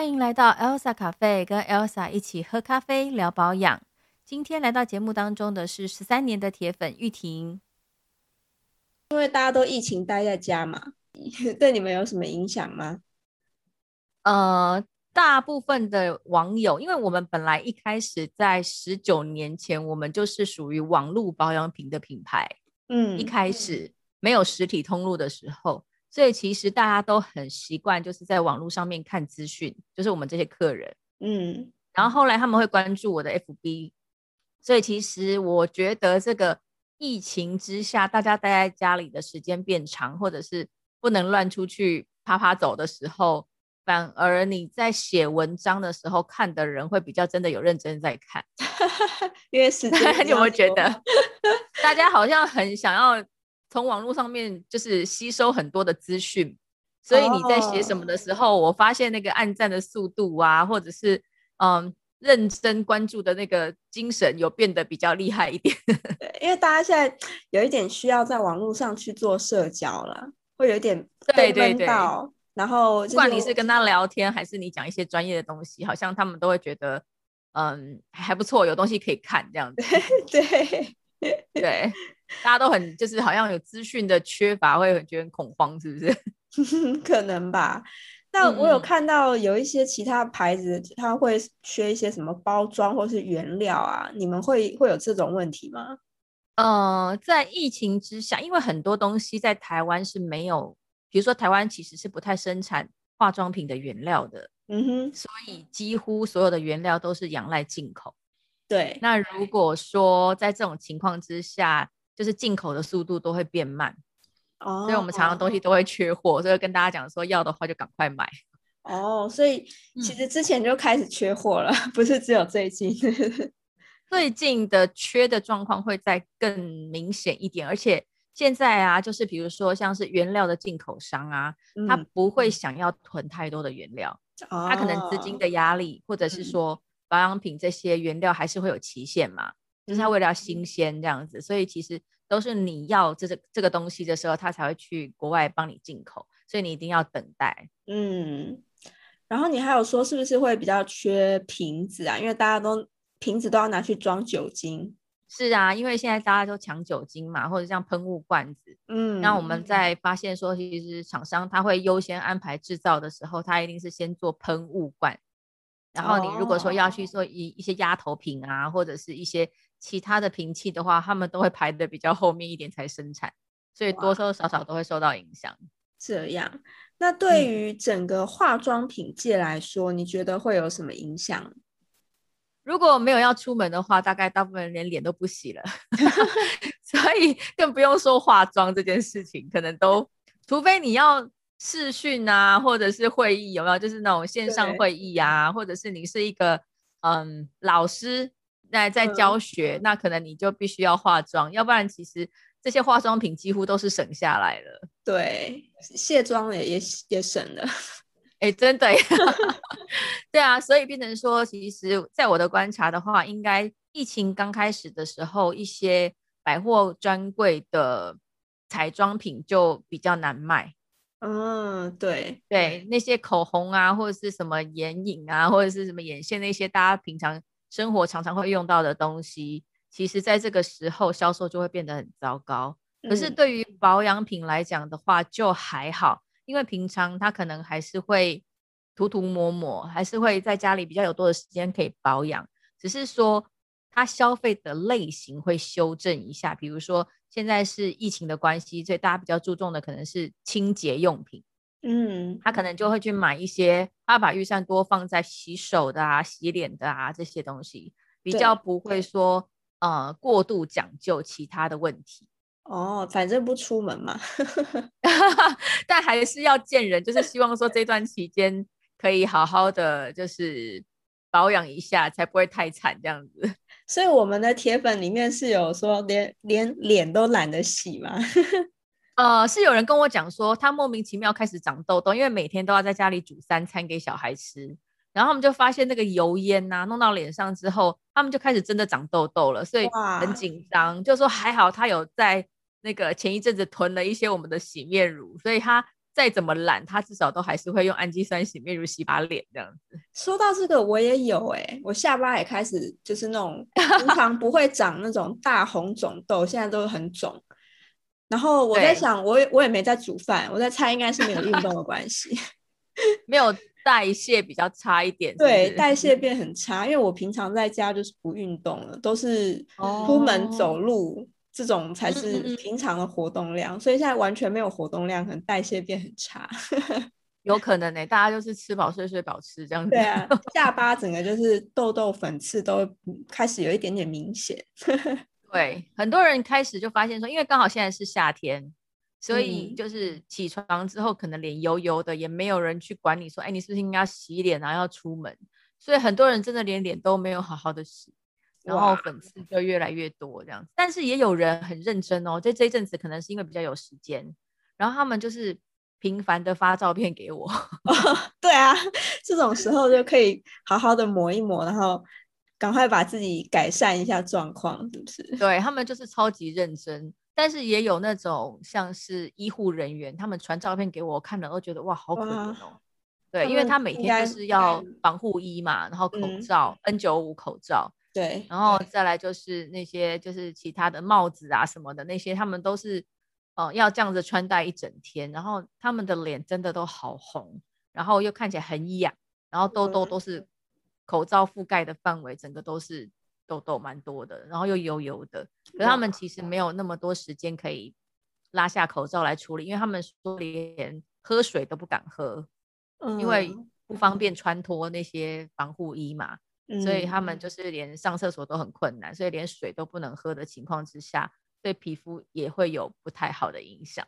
歡迎來到 Elsa Cafe，跟 Elsa 一起喝咖啡聊保養。今天來到節目當中的是十三年的鐵粉鈺婷。因為大家都疫情待在家嘛，對你們有什麼影響嗎？呃，大部分的網友，因為我們本來一開始在十九年前，我們就是屬於網路保養品的品牌，嗯，一開始沒有實體通路的時候。所以其實大家都很習慣，就是在網絡上面看資訊，就是我們這些客人，嗯。然後後來他們會關注我的 FB，所以其實我覺得這個疫情之下，大家待在家裡的時間變長，或者是不能亂出去趴趴走的時候，反而你在寫文章的時候看的人會比較真的有認真在看，因為實在，你有沒有覺得， 大家好像很想要。從網絡上面就是吸收很多的資訊，所以你在寫什麼的時候，Oh. 我發現那個按讚的速度啊，或者是嗯認真關注的那個精神，有變得比較厲害一點 因為大家現在有一點需要在網絡上去做社交了，會有一點被問到，對對對。然後、就是，不管你是跟他聊天，還是你講一些專業的東西，好像他們都會覺得嗯還不錯，有東西可以看這樣子。對 對。對大家都很就是好像有資訊的缺乏，會很覺得很恐慌，是不是？ 可能吧。那我有看到有一些其他牌子，嗯、它會缺一些什麼包裝或是原料啊？你們會會有這種問題嗎？嗯、呃，在疫情之下，因為很多東西在台灣是沒有，比如說台灣其實是不太生產化妝品的原料的，嗯哼，所以幾乎所有的原料都是仰賴進口。對。那如果說在這種情況之下，就是進口的速度都會變慢，哦、oh,，所以我們常常東西都會缺貨，oh. 所以跟大家講說要的話就趕快買。哦、oh,，所以其實之前就開始缺貨了，嗯，不是只有最近， 最近的缺的狀況會再更明顯一點，而且現在啊，就是比如說像是原料的進口商啊，他，嗯、不會想要囤太多的原料，他，oh. 可能資金的壓力，或者是說保養品這些原料還是會有期限嘛。就是它為了要新鮮這樣子，所以其實都是你要這這這個東西的時候，他才會去國外幫你進口，所以你一定要等待。嗯，然後你還有說是不是會比較缺瓶子啊？因為大家都瓶子都要拿去裝酒精。是啊，因為現在大家都搶酒精嘛，或者像噴霧罐子。嗯，那我們在發現說，其實廠商他會優先安排制造的時候，他一定是先做噴霧罐，然後你如果說要去做一一些壓頭瓶啊、哦，或者是一些。其他的平器的話，他們都會排得比較後面一點才生產，所以多多少少都會受到影響。這樣，那對於整個化妝品界來說，嗯，你覺得會有什麼影響？如果沒有要出門的話，大概大部分人連臉都不洗了， 所以更不用說化妝這件事情，可能都除非你要視訊啊，或者是會議有沒有，就是那種線上會議啊，或者是你是一個嗯老師。在在教學、嗯，那可能你就必須要化妝、嗯，要不然其實這些化妝品幾乎都是省下來了。對，卸妝也也也省了。哎、欸，真的， 對啊，所以變成說，其實在我的觀察的話，應該疫情剛開始的時候，一些百貨專櫃的彩妝品就比較難賣。嗯，對對,對，那些口紅啊，或者是什麼眼影啊，或者是什麼眼線那些，大家平常。生活常常會用到的東西，其實在這個時候銷售就會變得很糟糕。嗯。可是對於保養品來講的話，就還好，因為平常他可能還是會塗塗抹抹，還是會在家裡比較有多的時間可以保養。只是說他消費的類型會修正一下，比如說現在是疫情的關係，所以大家比較注重的可能是清潔用品。嗯，他可能就會去買一些，他把預算多放在洗手的啊、洗臉的啊這些東西，比較不會說呃、過度講究其他的問題。哦，反正不出門嘛， 但還是要見人，就是希望說這段期間可以好好的就是保養一下，才不會太慘這樣子。所以我們的鐵粉裡面是有說連連臉都懶得洗嘛？ 呃，是有人跟我講說，他莫名其妙開始長痘痘，因為每天都要在家裡煮三餐給小孩吃，然後他們就發現那個油煙吶、啊，弄到臉上之後，他們就開始真的長痘痘了，所以很緊張。就說還好他有在那個前一陣子囤了一些我們的洗面乳，所以他再怎麼懶，他至少都還是會用氨基酸洗面乳洗把臉這樣子。說到這個，我也有誒、欸，我下巴也開始就是那種平常不會長那種大紅腫痘， 現在都很腫。然後我在想，我也我也沒在煮飯，我在猜應該是沒有運動的關係， 沒有代謝比較差一點， 對，代謝變很差、嗯，因為我平常在家就是不運動了，都是出門走路、哦、這種才是平常的活動量嗯嗯，所以現在完全沒有活動量，可能代謝變很差， 有可能呢、欸，大家就是吃飽睡睡飽吃這樣子，對啊， 下巴整個就是痘痘粉刺都開始有一點點明顯。 對，很多人開始就發現說，因為剛好現在是夏天，所以就是起床之後可能臉油油的，也沒有人去管你說，哎，你是不是應該要洗臉然後要出門？所以很多人真的連臉都沒有好好的洗，然後粉刺就越來越多這樣。但是也有人很認真哦，在這一陣子可能是因為比較有時間，然後他們就是頻繁的發照片給我。哦、對啊，這種時候就可以好好的抹一抹，然後。趕快把自己改善一下狀況，是不是？對，他們就是超級認真，但是也有那種像是醫護人員，他們傳照片給我看了，都覺得哇好可憐哦、啊。對，因為他每天就是要防護衣嘛，然後口罩、嗯、N95 口罩，對，然後再來就是那些就是其他的帽子啊什麼的那些，他們都是、呃、要這樣子穿戴一整天，然後他們的臉真的都好紅，然後又看起來很癢，然後痘痘都是。嗯口罩覆蓋的範圍，整個都是痘痘蠻多的，然後又油油的。可是他們其實沒有那麼多時間可以拉下口罩來處理，因為他們說連喝水都不敢喝，嗯，因為不方便穿脫那些防護衣嘛，嗯。所以他們就是連上廁所都很困難，所以連水都不能喝的情況之下，對皮膚也會有不太好的影響。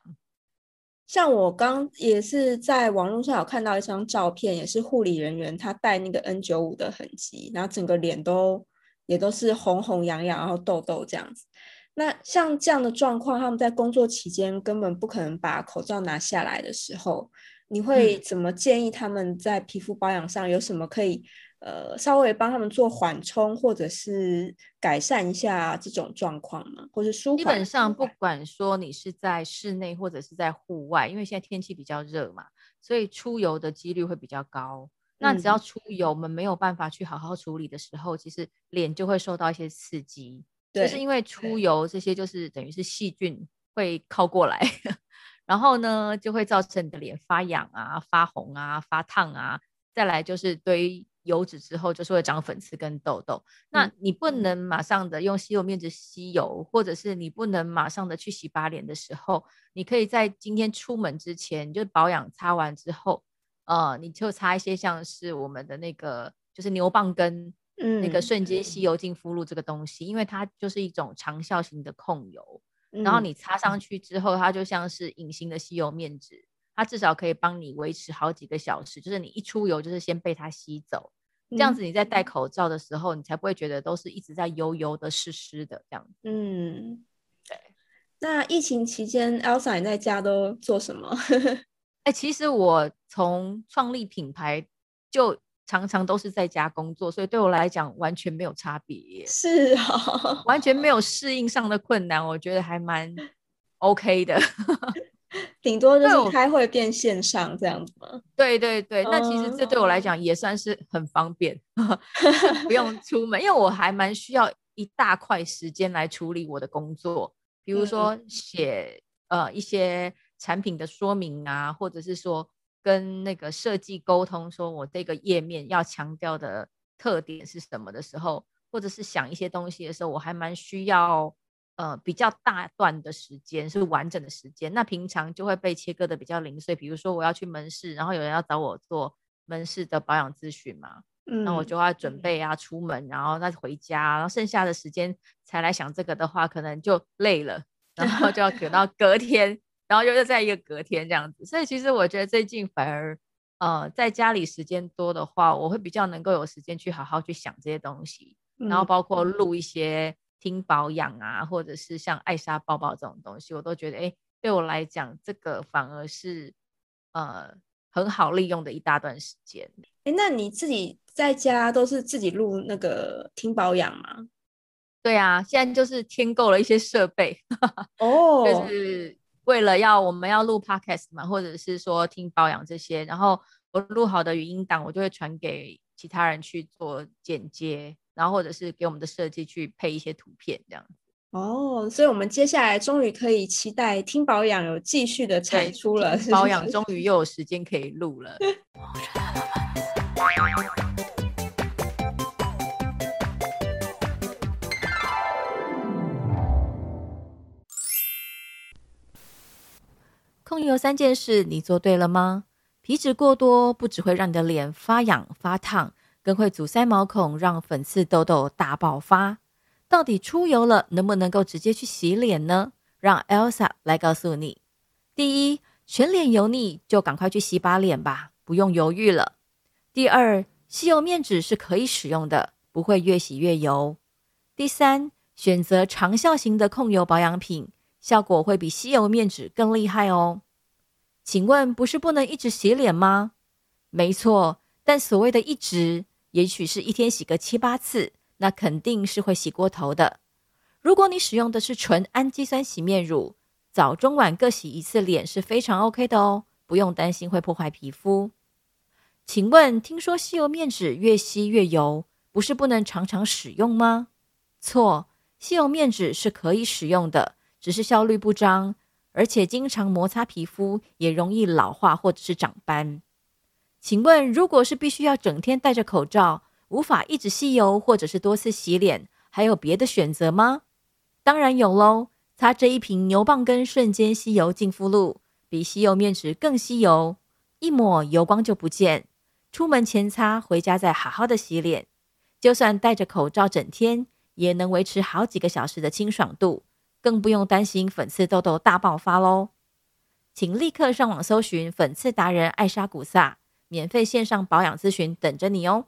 像我剛也是在網絡上有看到一張照片，也是護理人員，他戴那個 N 九五的痕跡，然後整個臉都也都是紅紅癢癢，然後痘痘這樣子。那像這樣的狀況，他們在工作期間根本不可能把口罩拿下來的時候，你會怎麼建議他們在皮膚保養上有什麼可以呃稍微幫他們做緩衝或者是改善一下這種狀況嗎？或者舒緩？基本上不管說你是在室內或者是在戶外，因為現在天氣比較熱嘛，所以出油的幾率會比較高。那你只要出油，我們沒有辦法去好好處理的時候，其實臉就會受到一些刺激。就是因為出油，這些就是等於是細菌會靠過來， 然後呢，就會造成你的臉發癢啊、發紅啊、發燙啊。再來就是堆油脂之後，就是會長粉刺跟痘痘。嗯。那你不能馬上的用油子吸油面紙吸油，或者是你不能馬上的去洗把臉的時候，你可以在今天出門之前就保養擦完之後，呃，你就擦一些像是我們的那個就是牛蒡根。嗯，那個瞬間吸油淨膚露這個東西，嗯，因為它就是一種長效型的控油，嗯、然後你擦上去之後，它就像是隱形的吸油面紙，它至少可以幫你維持好幾個小時。就是你一出油，就是先被它吸走，嗯，這樣子你在戴口罩的時候，你才不會覺得都是一直在油油的、濕濕的這樣嗯，對。那疫情期間，Elsa 你在家都做什麼？哎、 欸，其實我從創立品牌就。常常都是在家工作，所以對我來講完全沒有差別。是啊。哦，完全沒有適應上的困難，我覺得還蠻 OK 的。頂 多就是開會變線上這樣子嘛。對對對，oh、那其實這對我來講也算是很方便，oh. 不用出門，因為我還蠻需要一大塊時間來處理我的工作，比如說寫、嗯、呃一些產品的說明啊，或者是說。跟那個設計溝通，說我這個頁面要強調的特點是什麼的時候，或者是想一些東西的時候，我還蠻需要呃比較大段的時間，是完整的時間。那平常就會被切割的比較零碎。比如說我要去門市，然後有人要找我做門市的保養諮詢嘛，那、嗯、我就要準備啊，出門，然後再回家，然後剩下的時間才來想這個的話，可能就累了，然後就要等到隔天。 然後又是在一個隔天這樣子，所以其實我覺得最近反而，呃，在家裡時間多的話，我會比較能夠有時間去好好去想這些東西，然後包括錄一些聽保養啊、嗯，或者是像愛莎抱抱這種東西，我都覺得，哎、欸，對我來講，這個反而是，呃，很好利用的一大段時間。哎、欸，那你自己在家都是自己錄那個聽保養嗎？對啊，現在就是添購了一些設備，哦， 就是。為了要我們要錄 podcast 嘛，或者是說聽保養這些，然後我錄好的語音檔，我就會傳給其他人去做剪接，然後或者是給我們的設計去配一些圖片這樣。哦，所以我們接下來終於可以期待聽保養有繼續的產出了，保養終於又有時間可以錄了。 控油三件事你做對了嗎？皮脂過多不只會讓你的臉發癢發燙，更會阻塞毛孔，讓粉刺痘痘大爆發。到底出油了能不能夠直接去洗臉呢？讓 Elsa 來告訴你。第一，全臉油膩就趕快去洗把臉吧，不用猶豫了。第二，吸油面紙是可以使用的，不會越洗越油。第三，選擇長效型的控油保養品，效果會比吸油面紙更厲害哦。請問不是不能一直洗臉嗎？沒錯，但所謂的一直，也許是一天洗個七八次，那肯定是會洗過頭的。如果你使用的是純氨基酸洗面乳，早中晚各洗一次臉是非常 OK 的哦，不用擔心會破壞皮膚。請問聽說吸油面紙越吸越油，不是不能常常使用嗎？錯，吸油面紙是可以使用的，只是效率不彰。而且經常摩擦皮膚也容易老化或者是長斑。請問，如果是必須要整天戴着口罩，無法一直吸油或者是多次洗臉，還有別的選擇嗎？當然有嘍！擦這一瓶牛蒡根瞬間吸油淨膚露，比吸油面紙更吸油，一抹油光就不見。出門前擦，回家再好好的洗臉，就算戴着口罩整天，也能維持好幾個小時的清爽度。更不用擔心粉刺痘痘大爆發嘍，請立刻上網搜尋粉刺達人艾莎古薩，免費線上保養諮詢等着你哦。